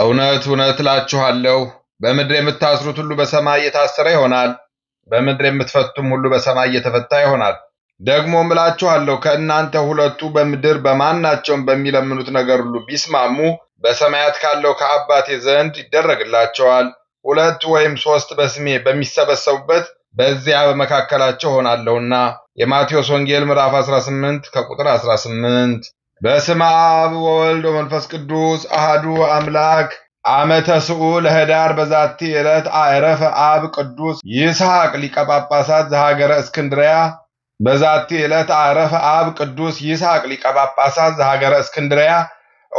እውነት እውነት እላችኋለሁ በምድር የምታስሩት ሁሉ በሰማይ እየታሰረ ይሆናል፣ በምድር የምትፈቱም ሁሉ በሰማይ እየተፈታ ይሆናል። ደግሞም እላችኋለሁ ከእናንተ ሁለቱ በምድር በማናቸውም በሚለምኑት ነገር ሁሉ ቢስማሙ በሰማያት ካለው ከአባቴ ዘንድ ይደረግላቸዋል። ሁለት ወይም ሦስት በስሜ በሚሰበሰቡበት በዚያ በመካከላቸው ሆናለሁና። የማቴዎስ ወንጌል ምዕራፍ 18 ከቁጥር 18 በስመ አብ ወወልድ ወመንፈስ ቅዱስ አህዱ አምላክ አመተ ስዑ ለህዳር በዛቲ ዕለት አዕረፈ አብ ቅዱስ ይስሐቅ ሊቀ ጳጳሳት ዘሀገረ እስክንድርያ በዛቲ ዕለት አዕረፈ አብ ቅዱስ ይስሐቅ ሊቀ ጳጳሳት ዘሀገረ እስክንድርያ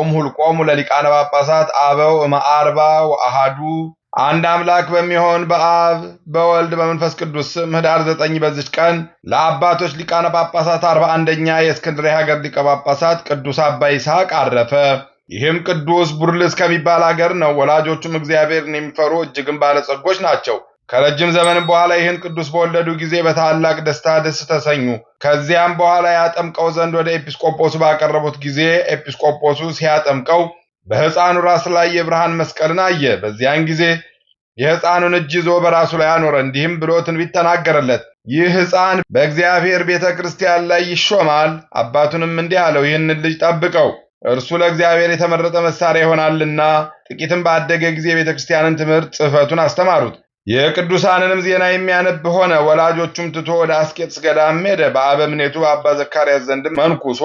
እምሁልቆሙ ለሊቃነ ጳጳሳት አበው እመ አርባ ወአሃዱ አንድ አምላክ በሚሆን በአብ በወልድ በመንፈስ ቅዱስ ስም ህዳር ዘጠኝ በዚች ቀን ለአባቶች ሊቃነ ጳጳሳት አርባ አንደኛ የእስክንድርያ ሀገር ሊቀ ጳጳሳት ቅዱስ አባ ይስሐቅ አረፈ። ይህም ቅዱስ ቡርልስ ከሚባል አገር ነው። ወላጆቹም እግዚአብሔርን የሚፈሩ እጅግም ባለጸጎች ናቸው። ከረጅም ዘመንም በኋላ ይህን ቅዱስ በወለዱ ጊዜ በታላቅ ደስታ ደስ ተሰኙ። ከዚያም በኋላ ያጠምቀው ዘንድ ወደ ኤጲስቆጶሱ ባቀረቡት ጊዜ ኤጲስቆጶሱ ሲያጠምቀው በሕፃኑ ራስ ላይ የብርሃን መስቀልን አየ። በዚያን ጊዜ የሕፃኑን እጅ ይዞ በራሱ ላይ አኖረ፣ እንዲህም ብሎ ትንቢት ተናገረለት። ይህ ሕፃን በእግዚአብሔር ቤተ ክርስቲያን ላይ ይሾማል። አባቱንም እንዲህ አለው፣ ይህንን ልጅ ጠብቀው፣ እርሱ ለእግዚአብሔር የተመረጠ መሳሪያ ይሆናልና። ጥቂትም ባደገ ጊዜ የቤተ ክርስቲያንን ትምህርት ጽሕፈቱን አስተማሩት። የቅዱሳንንም ዜና የሚያነብ ሆነ። ወላጆቹም ትቶ ወደ አስቄጥስ ገዳም ሄደ። በአበምኔቱ በአባ ዘካርያስ ዘንድም መንኩሶ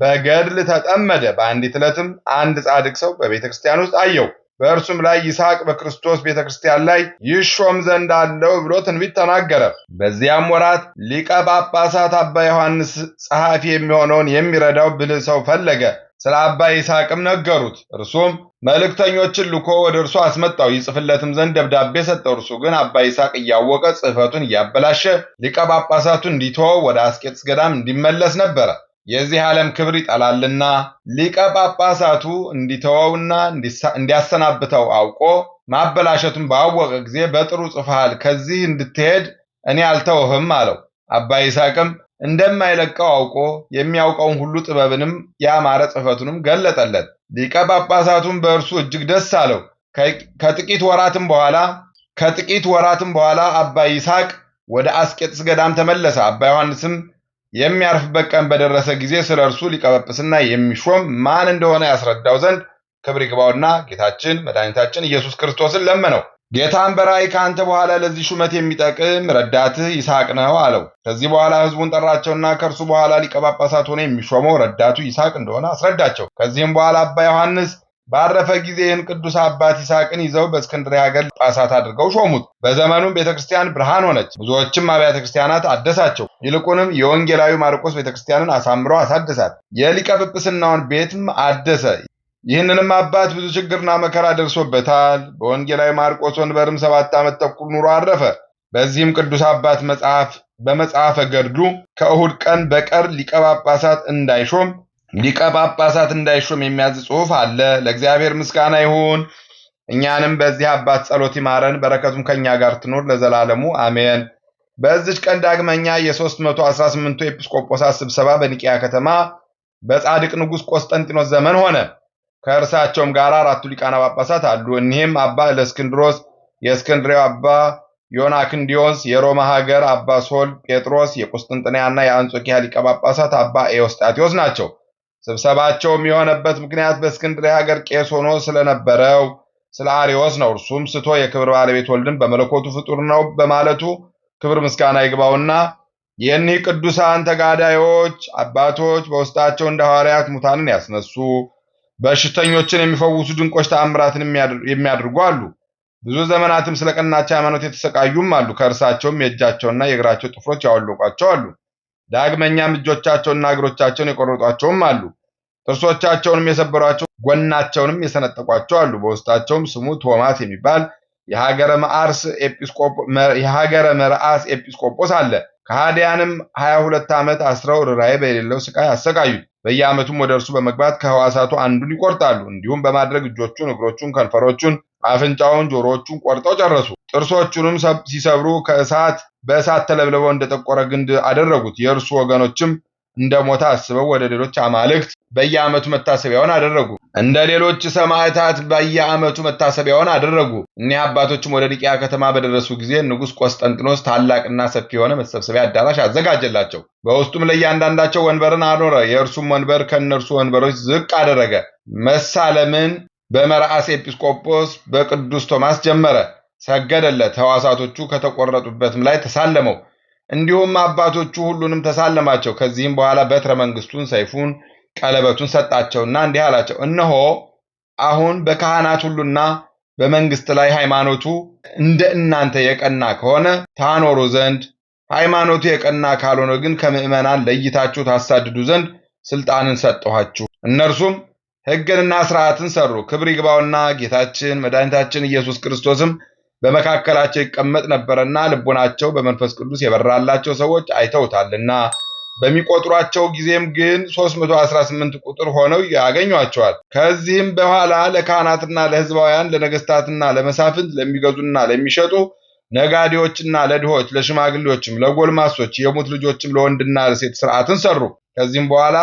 በገድል ተጠመደ። በአንዲት ዕለትም አንድ ጻድቅ ሰው በቤተ ክርስቲያን ውስጥ አየው። በእርሱም ላይ ይስሐቅ በክርስቶስ ቤተ ክርስቲያን ላይ ይሾም ዘንድ አለው ብሎ ትንቢት ተናገረ። በዚያም ወራት ሊቀ ጳጳሳት አባ ዮሐንስ ጸሐፊ የሚሆነውን የሚረዳው ብልህ ሰው ፈለገ። ስለ አባ ይስሐቅም ነገሩት። እርሱም መልእክተኞችን ልኮ ወደ እርሱ አስመጣው። ይጽፍለትም ዘንድ ደብዳቤ ሰጠው። እርሱ ግን አባ ይስሐቅ እያወቀ ጽሕፈቱን እያበላሸ ሊቀ ጳጳሳቱ እንዲተወው ወደ አስቄጥስ ገዳም እንዲመለስ ነበረ። የዚህ ዓለም ክብር ይጠላልና ሊቀ ጳጳሳቱ እንዲተወውና እንዲያሰናብተው አውቆ ማበላሸቱን ባወቀ ጊዜ በጥሩ ጽፈሃል፣ ከዚህ እንድትሄድ እኔ አልተውህም አለው። አባ ይስሐቅም እንደማይለቀው አውቆ የሚያውቀውን ሁሉ ጥበብንም ያማረ ጽሕፈቱንም ገለጠለት። ሊቀ ጳጳሳቱም በእርሱ እጅግ ደስ አለው። ከጥቂት ወራትም በኋላ ከጥቂት ወራትም በኋላ አባ ይስሐቅ ወደ አስቄጥስ ገዳም ተመለሰ። አባ ዮሐንስም የሚያርፍበት ቀን በደረሰ ጊዜ ስለ እርሱ ሊቀ የሚሾም ማን እንደሆነ ያስረዳው ዘንድ ክብር ይግባውና ጌታችን መድኃኒታችን ኢየሱስ ክርስቶስን ለመነው። ጌታም በራእይ ከአንተ በኋላ ለዚህ ሹመት የሚጠቅም ረዳትህ ይስሐቅ ነው አለው። ከዚህ በኋላ ሕዝቡን ጠራቸውና ከእርሱ በኋላ ሊቀ ጳጳሳት ሆኖ የሚሾመው ረዳቱ ይስሐቅ እንደሆነ አስረዳቸው። ከዚህም በኋላ አባ ዮሐንስ ባረፈ ጊዜ ይህን ቅዱስ አባት ይስሐቅን ይዘው በእስክንድርያ ሀገር ጳሳት አድርገው ሾሙት። በዘመኑም ቤተ ክርስቲያን ብርሃን ሆነች፣ ብዙዎችም አብያተ ክርስቲያናት አደሳቸው። ይልቁንም የወንጌላዊ ማርቆስ ቤተ ክርስቲያንን አሳምሮ አሳደሳት፣ የሊቀ ጵጵስናውን ቤትም አደሰ። ይህንንም አባት ብዙ ችግርና መከራ ደርሶበታል። በወንጌላዊ ማርቆስ ወንበርም ሰባት ዓመት ተኩል ኑሮ አረፈ። በዚህም ቅዱስ አባት መጽሐፍ በመጽሐፈ ገድሉ ከእሁድ ቀን በቀር ሊቀ ጳጳሳት እንዳይሾም ሊቀ ጳጳሳት እንዳይሾም የሚያዝ ጽሑፍ አለ። ለእግዚአብሔር ምስጋና ይሁን። እኛንም በዚህ አባት ጸሎት ይማረን፣ በረከቱም ከእኛ ጋር ትኖር ለዘላለሙ አሜን። በዚች ቀን ዳግመኛ የ 318 ኤጲስቆጶሳት ስብሰባ በኒቅያ ከተማ በጻድቅ ንጉሥ ቆስጠንጢኖስ ዘመን ሆነ። ከእርሳቸውም ጋር አራቱ ሊቃነ ጳጳሳት አሉ። እኒህም አባ እለእስክንድሮስ፣ የእስክንድሬው አባ ዮናክንዲዮስ፣ የሮማ ሀገር አባ ሶል ጴጥሮስ፣ የቁስጥንጥንያና የአንጾኪያ ሊቀ ጳጳሳት አባ ኤዎስጣቴዎስ ናቸው። ስብሰባቸውም የሆነበት ምክንያት በእስክንድርያ ሀገር ቄስ ሆኖ ስለነበረው ስለ አሪዎስ ነው። እርሱም ስቶ የክብር ባለቤት ወልድን በመለኮቱ ፍጡር ነው በማለቱ ክብር ምስጋና ይግባውና የእኒህ ቅዱሳን ተጋዳዮች አባቶች በውስጣቸው እንደ ሐዋርያት ሙታንን ያስነሱ፣ በሽተኞችን የሚፈውሱ፣ ድንቆች ተአምራትን የሚያደርጉ አሉ። ብዙ ዘመናትም ስለ ቀናቸው ሃይማኖት የተሰቃዩም አሉ። ከእርሳቸውም የእጃቸውና የእግራቸው ጥፍሮች ያወለቋቸው አሉ። ዳግመኛም እጆቻቸውና እግሮቻቸውን የቆረጧቸውም አሉ። ጥርሶቻቸውንም የሰበሯቸው፣ ጎናቸውንም የሰነጠቋቸው አሉ። በውስጣቸውም ስሙ ቶማስ የሚባል የሀገረ መርአስ ኤጲስቆጶስ አለ። ከሃዲያንም ሀያ ሁለት ዓመት አስረው ርኅራኄ በሌለው ስቃይ አሰቃዩ። በየዓመቱም ወደ እርሱ በመግባት ከሕዋሳቱ አንዱን ይቆርጣሉ። እንዲሁም በማድረግ እጆቹን፣ እግሮቹን፣ ከንፈሮቹን አፍንጫውን፣ ጆሮዎቹን ቆርጠው ጨረሱ። ጥርሶቹንም ሲሰብሩ ከእሳት በእሳት ተለብልበው እንደጠቆረ ግንድ አደረጉት። የእርሱ ወገኖችም እንደ ሞተ አስበው ወደ ሌሎች አማልክት በየዓመቱ መታሰቢያውን አደረጉ። እንደ ሌሎች ሰማዕታት በየዓመቱ መታሰቢያውን አደረጉ። እኒህ አባቶችም ወደ ኒቅያ ከተማ በደረሱ ጊዜ ንጉሥ ቆስጠንጥኖስ ታላቅና ሰፊ የሆነ መሰብሰቢያ አዳራሽ አዘጋጀላቸው። በውስጡም ለእያንዳንዳቸው ወንበርን አኖረ። የእርሱም ወንበር ከእነርሱ ወንበሮች ዝቅ አደረገ። መሳለምን በመርዓስ ኤጲስቆጶስ በቅዱስ ቶማስ ጀመረ። ሰገደለት። ሕዋሳቶቹ ከተቆረጡበትም ላይ ተሳለመው። እንዲሁም አባቶቹ ሁሉንም ተሳለማቸው። ከዚህም በኋላ በትረ መንግስቱን፣ ሰይፉን፣ ቀለበቱን ሰጣቸውና እንዲህ አላቸው፣ እነሆ አሁን በካህናት ሁሉና በመንግስት ላይ ሃይማኖቱ እንደ እናንተ የቀና ከሆነ ታኖሩ ዘንድ ሃይማኖቱ የቀና ካልሆነ ግን ከምዕመናን ለይታችሁ ታሳድዱ ዘንድ ስልጣንን ሰጠኋችሁ። እነርሱም ሕግንና ሥርዓትን ሰሩ። ክብር ይግባውና ጌታችን መድኃኒታችን ኢየሱስ ክርስቶስም በመካከላቸው ይቀመጥ ነበረና ልቦናቸው በመንፈስ ቅዱስ የበራላቸው ሰዎች አይተውታልና በሚቆጥሯቸው ጊዜም ግን 318 ቁጥር ሆነው ያገኟቸዋል። ከዚህም በኋላ ለካህናትና ለሕዝባውያን ለነገሥታትና ለመሳፍንት ለሚገዙና ለሚሸጡ ነጋዴዎችና ለድሆች ለሽማግሌዎችም ለጎልማሶች የሙት ልጆችም ለወንድና ለሴት ሥርዓትን ሰሩ። ከዚህም በኋላ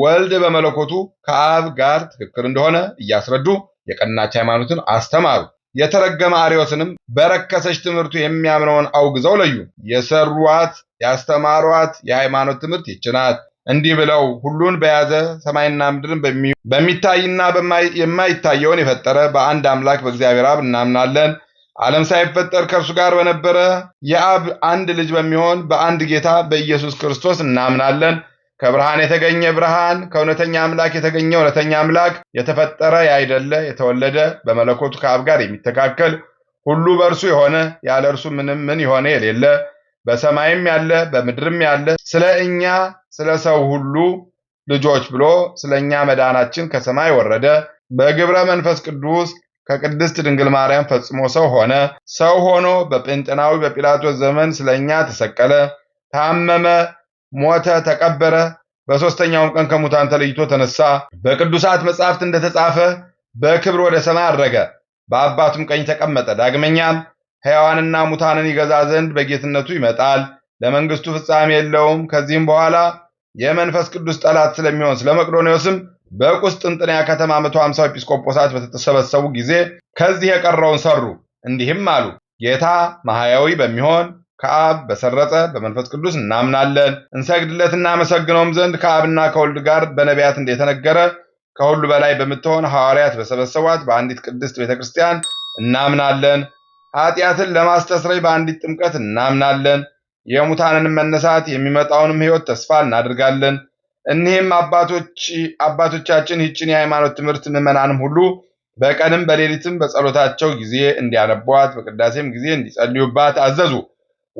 ወልድ በመለኮቱ ከአብ ጋር ትክክል እንደሆነ እያስረዱ የቀናች ሃይማኖትን አስተማሩ። የተረገመ አሪዮስንም በረከሰች ትምህርቱ የሚያምነውን አውግዘው ለዩ። የሰሯት ያስተማሯት የሃይማኖት ትምህርት ይችናት እንዲህ ብለው ሁሉን በያዘ ሰማይና ምድርን በሚታይና የማይታየውን የፈጠረ በአንድ አምላክ በእግዚአብሔር አብ እናምናለን። ዓለም ሳይፈጠር ከእርሱ ጋር በነበረ የአብ አንድ ልጅ በሚሆን በአንድ ጌታ በኢየሱስ ክርስቶስ እናምናለን። ከብርሃን የተገኘ ብርሃን ከእውነተኛ አምላክ የተገኘ እውነተኛ አምላክ የተፈጠረ ያይደለ የተወለደ በመለኮቱ ከአብ ጋር የሚተካከል ሁሉ በእርሱ የሆነ ያለ እርሱ ምንም ምን የሆነ የሌለ በሰማይም ያለ በምድርም ያለ ስለ እኛ ስለ ሰው ሁሉ ልጆች ብሎ ስለ እኛ መዳናችን ከሰማይ ወረደ። በግብረ መንፈስ ቅዱስ ከቅድስት ድንግል ማርያም ፈጽሞ ሰው ሆነ። ሰው ሆኖ በጴንጤናዊ በጲላጦስ ዘመን ስለ እኛ ተሰቀለ፣ ታመመ፣ ሞተ፣ ተቀበረ፣ በሦስተኛውም ቀን ከሙታን ተለይቶ ተነሳ። በቅዱሳት መጻሕፍት እንደተጻፈ በክብር ወደ ሰማይ አድረገ፣ በአባቱም ቀኝ ተቀመጠ። ዳግመኛም ሕያዋንና ሙታንን ይገዛ ዘንድ በጌትነቱ ይመጣል። ለመንግሥቱ ፍጻሜ የለውም። ከዚህም በኋላ የመንፈስ ቅዱስ ጠላት ስለሚሆን ስለ መቅዶንዮስም በቁስጥንጥንያ ከተማ መቶ ሀምሳ ኤጲስቆጶሳት በተሰበሰቡ ጊዜ ከዚህ የቀረውን ሰሩ፣ እንዲህም አሉ፦ ጌታ ማሕያዊ በሚሆን ከአብ በሰረጸ በመንፈስ ቅዱስ እናምናለን። እንሰግድለት እናመሰግነውም ዘንድ ከአብና ከወልድ ጋር በነቢያት እንደተነገረ ከሁሉ በላይ በምትሆን ሐዋርያት በሰበሰቧት በአንዲት ቅድስት ቤተ ክርስቲያን እናምናለን። ኃጢአትን ለማስተስረይ በአንዲት ጥምቀት እናምናለን። የሙታንንም መነሳት የሚመጣውንም ሕይወት ተስፋ እናደርጋለን። እኒህም አባቶቻችን ይህችን የሃይማኖት ትምህርት ምዕመናንም ሁሉ በቀንም በሌሊትም በጸሎታቸው ጊዜ እንዲያነቧት፣ በቅዳሴም ጊዜ እንዲጸልዩባት አዘዙ።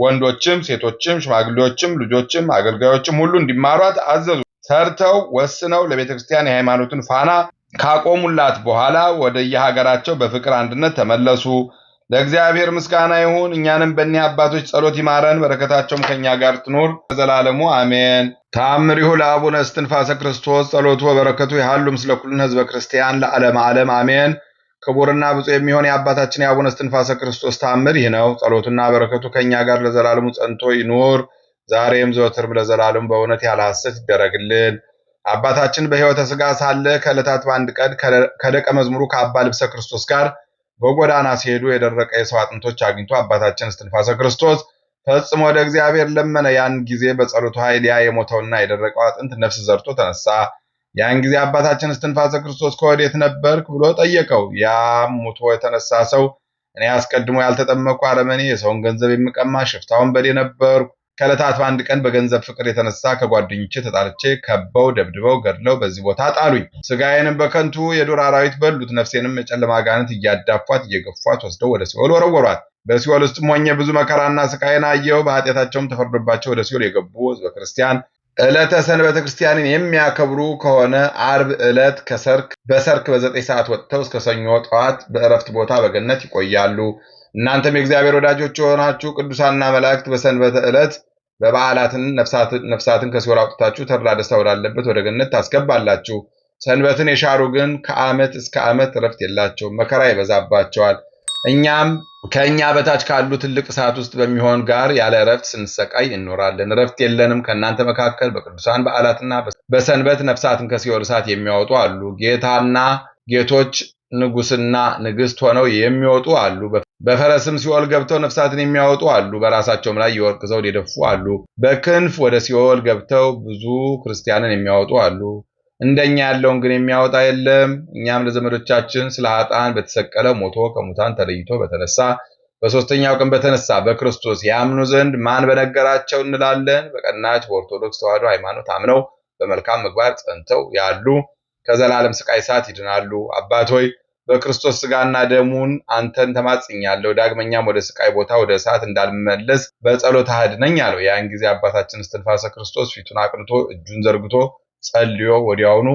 ወንዶችም ሴቶችም ሽማግሌዎችም ልጆችም አገልጋዮችም ሁሉ እንዲማሯት አዘዙ። ሰርተው ወስነው ለቤተ ክርስቲያን የሃይማኖትን ፋና ካቆሙላት በኋላ ወደየሀገራቸው በፍቅር አንድነት ተመለሱ። ለእግዚአብሔር ምስጋና ይሁን። እኛንም በእኒህ አባቶች ጸሎት ይማረን፣ በረከታቸውም ከእኛ ጋር ትኑር በዘላለሙ አሜን። ተአምሪሁ ለአቡነ እስትንፋሰ ክርስቶስ ጸሎቱ በረከቱ ያሃሉ ምስለ ኩልን ህዝበ ክርስቲያን ለዓለመ ዓለም አሜን። ክቡርና ብፁዕ የሚሆን የአባታችን የአቡነ እስትንፋሰ ክርስቶስ ተአምር ይህ ነው። ጸሎቱና በረከቱ ከእኛ ጋር ለዘላለሙ ጸንቶ ይኑር ዛሬም ዘወትርም ለዘላለሙ በእውነት ያላሰት ይደረግልን። አባታችን በሕይወተ ሥጋ ሳለ ከዕለታት በአንድ ቀን ከደቀ መዝሙሩ ከአባ ልብሰ ክርስቶስ ጋር በጎዳና ሲሄዱ የደረቀ የሰው አጥንቶች አግኝቶ አባታችን እስትንፋሰ ክርስቶስ ፈጽሞ ወደ እግዚአብሔር ለመነ። ያን ጊዜ በጸሎቱ ኃይል ያ የሞተውና የደረቀው አጥንት ነፍስ ዘርቶ ተነሳ። ያን ጊዜ አባታችን እስትንፋሰ ክርስቶስ ከወዴት ነበርክ ብሎ ጠየቀው። ያ ሙቶ የተነሳ ሰው እኔ አስቀድሞ ያልተጠመቁ አረመኔ፣ የሰውን ገንዘብ የምቀማ ሽፍታውን በዴ ነበርኩ። ከዕለታት በአንድ ቀን በገንዘብ ፍቅር የተነሳ ከጓደኞቼ ተጣልቼ ከበው ደብድበው ገድለው በዚህ ቦታ ጣሉኝ። ስጋዬንም በከንቱ የዱር አራዊት በሉት፣ ነፍሴንም የጨለማ ጋነት እያዳፏት እየገፏት ወስደው ወደ ሲኦል ወረወሯት። በሲኦል ውስጥም ሆኜ ብዙ መከራና ስቃይን አየው። በኃጢአታቸውም ተፈርዶባቸው ወደ ሲኦል የገቡ ሕዝበ ክርስቲያን ዕለተ ሰንበተ ክርስቲያንን የሚያከብሩ ከሆነ አርብ ዕለት ከሰርክ በሰርክ በዘጠኝ ሰዓት ወጥተው እስከ ሰኞ ጠዋት በእረፍት ቦታ በገነት ይቆያሉ። እናንተም የእግዚአብሔር ወዳጆች የሆናችሁ ቅዱሳንና መላእክት በሰንበተ ዕለት በበዓላትን ነፍሳትን ከሲኦል አውጥታችሁ ተድላ ደስታ ወዳለበት ወደ ገነት ታስገባላችሁ። ሰንበትን የሻሩ ግን ከዓመት እስከ ዓመት እረፍት የላቸውም፣ መከራ ይበዛባቸዋል። እኛም ከእኛ በታች ካሉ ትልቅ እሳት ውስጥ በሚሆን ጋር ያለ እረፍት ስንሰቃይ እንኖራለን። እረፍት የለንም። ከእናንተ መካከል በቅዱሳን በዓላትና በሰንበት ነፍሳትን ከሲኦል እሳት የሚያወጡ አሉ። ጌታና ጌቶች ንጉስና ንግስት ሆነው የሚወጡ አሉ። በፈረስም ሲኦል ገብተው ነፍሳትን የሚያወጡ አሉ። በራሳቸውም ላይ የወርቅ ዘውድ የደፉ አሉ። በክንፍ ወደ ሲኦል ገብተው ብዙ ክርስቲያንን የሚያወጡ አሉ። እንደኛ ያለውን ግን የሚያወጣ የለም። እኛም ለዘመዶቻችን ስለ ኃጥአን በተሰቀለ ሞቶ ከሙታን ተለይቶ በተነሳ በሦስተኛው ቀን በተነሳ በክርስቶስ ያምኑ ዘንድ ማን በነገራቸው እንላለን። በቀናች በኦርቶዶክስ ተዋህዶ ሃይማኖት አምነው በመልካም ምግባር ጸንተው ያሉ ከዘላለም ስቃይ ሰዓት ይድናሉ። አባት ሆይ በክርስቶስ ስጋና ደሙን አንተን ተማጽኛለሁ፣ ዳግመኛም ወደ ስቃይ ቦታ ወደ እሳት እንዳልመለስ በጸሎት አድነኝ አለው። ያን ጊዜ አባታችን እስትንፋሰ ክርስቶስ ፊቱን አቅንቶ እጁን ዘርግቶ ጸልዮ ወዲያውኑ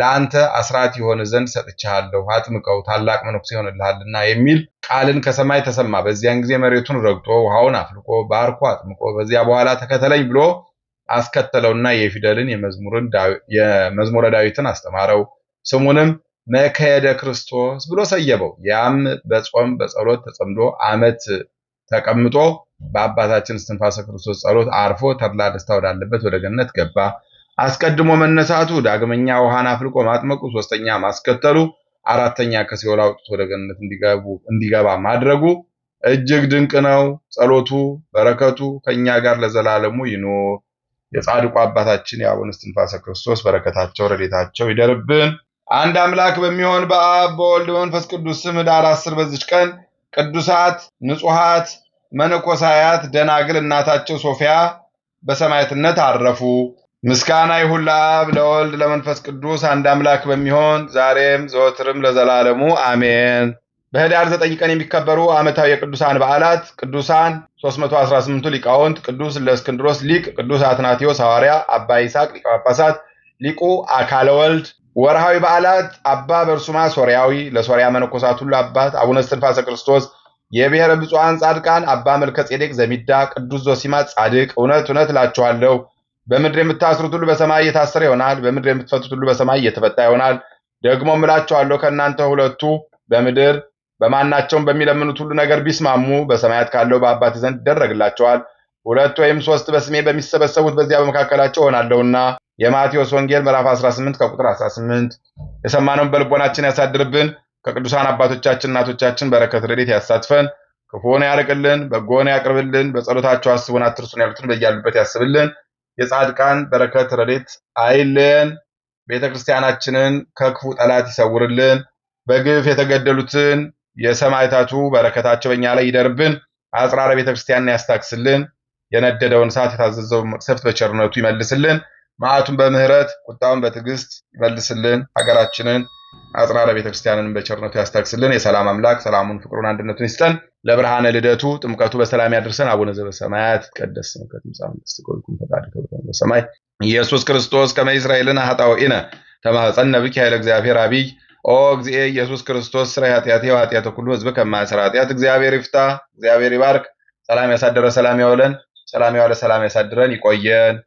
ለአንተ አስራት የሆነ ዘንድ ሰጥቻለሁ፣ አጥምቀው ታላቅ መነኩሴ ይሆንልሃልና የሚል ቃልን ከሰማይ ተሰማ። በዚያን ጊዜ መሬቱን ረግጦ ውሃውን አፍልቆ ባርኮ አጥምቆ ከዚያ በኋላ ተከተለኝ ብሎ አስከተለውና የፊደልን የመዝሙረ ዳዊትን አስተማረው። ስሙንም መከየደ ክርስቶስ ብሎ ሰየበው። ያም በጾም በጸሎት ተጸምዶ ዓመት ተቀምጦ በአባታችን እስትንፋሰ ክርስቶስ ጸሎት አርፎ ተድላ ደስታ ወዳለበት ወደ ገነት ገባ። አስቀድሞ መነሳቱ፣ ዳግመኛ ውሃን አፍልቆ ማጥመቁ፣ ሶስተኛ ማስከተሉ፣ አራተኛ ከሲኦል አውጥቶ ወደ ገነት እንዲገባ ማድረጉ እጅግ ድንቅ ነው። ጸሎቱ በረከቱ ከኛ ጋር ለዘላለሙ ይኑር። የጻድቁ አባታችን የአቡነ እስትንፋሰ ክርስቶስ በረከታቸው ረድኤታቸው ይደርብን። አንድ አምላክ በሚሆን በአብ በወልድ በመንፈስ ቅዱስ ስም ኅዳር አስር በዚች ቀን ቅዱሳት ንጹሐት መነኮሳያት ደናግል እናታቸው ሶፊያ በሰማዕትነት አረፉ። ምስጋና ይሁን ለአብ ለወልድ ለመንፈስ ቅዱስ አንድ አምላክ በሚሆን ዛሬም ዘወትርም ለዘላለሙ አሜን። በህዳር ዘጠኝ ቀን የሚከበሩ ዓመታዊ የቅዱሳን በዓላት ቅዱሳን 318ቱ ሊቃውንት፣ ቅዱስ ለእስክንድሮስ ሊቅ፣ ቅዱስ አትናቴዎስ ሐዋርያ፣ አባ ይስሐቅ ሊቀ ጳጳሳት፣ ሊቁ አካለ ወልድ። ወርሃዊ በዓላት አባ በርሱማ ሶርያዊ ለሶርያ መነኮሳት ሁሉ አባት፣ አቡነ እስትንፋሰ ክርስቶስ የብሔረ ብፁዓን ጻድቃን፣ አባ መልከ ጼዴቅ ዘሚዳ፣ ቅዱስ ዞሲማ ጻድቅ። እውነት እውነት እላችኋለሁ በምድር የምታስሩት ሁሉ በሰማይ እየታሰረ ይሆናል፣ በምድር የምትፈቱት ሁሉ በሰማይ እየተፈታ ይሆናል። ደግሞ እላችኋለሁ ከእናንተ ሁለቱ በምድር በማናቸውም በሚለምኑት ሁሉ ነገር ቢስማሙ በሰማያት ካለው በአባት ዘንድ ይደረግላቸዋል። ሁለት ወይም ሶስት በስሜ በሚሰበሰቡት በዚያ በመካከላቸው እሆናለሁና። የማቴዎስ ወንጌል ምዕራፍ 18 ከቁጥር 18። የሰማነውን በልቦናችን ያሳድርብን። ከቅዱሳን አባቶቻችን እናቶቻችን በረከት ረድኤት ያሳትፈን። ክፉን ያርቅልን፣ በጎን ያቅርብልን። በጸሎታቸው አስቡን አትርሱን ያሉትን በያሉበት ያስብልን። የጻድቃን በረከት ረድኤት አይለየን። ቤተ ክርስቲያናችንን ከክፉ ጠላት ይሰውርልን። በግፍ የተገደሉትን የሰማዕታቱ በረከታቸው በእኛ ላይ ይደርብን። አጽራረ ቤተ ክርስቲያንን ያስታክስልን። የነደደውን እሳት የታዘዘውን መቅሰፍት በቸርነቱ ይመልስልን። መዓቱን በምሕረት ቁጣውን በትዕግስት ይመልስልን። ሀገራችንን አጽራረ ቤተክርስቲያንን በቸርነቱ ያስታክስልን። የሰላም አምላክ ሰላሙን፣ ፍቅሩን፣ አንድነቱን ይስጠን። ለብርሃነ ልደቱ ጥምቀቱ በሰላም ያድርሰን። አቡነ ዘበሰማያት ይትቀደስ ስምከ ትምጻእ መንግሥትከ ወይኩን ፈቃድከ በከመ በሰማይ ኢየሱስ ክርስቶስ ከመ ይሥረይ ለነ ኃጣውኢነ ተማኅፀነ ብከ ኃይለ እግዚአብሔር አብይ ኦ እግዚእ ኢየሱስ ክርስቶስ ሥራይ ኃጢአት ወኃጢአተ ኩሉ ሕዝብ ከመ ኃጢአት እግዚአብሔር ይፍታ፣ እግዚአብሔር ይባርክ። ሰላም ያሳደረ ሰላም ያውለን፣ ሰላም ያዋለ ሰላም ያሳድረን። ይቆየን።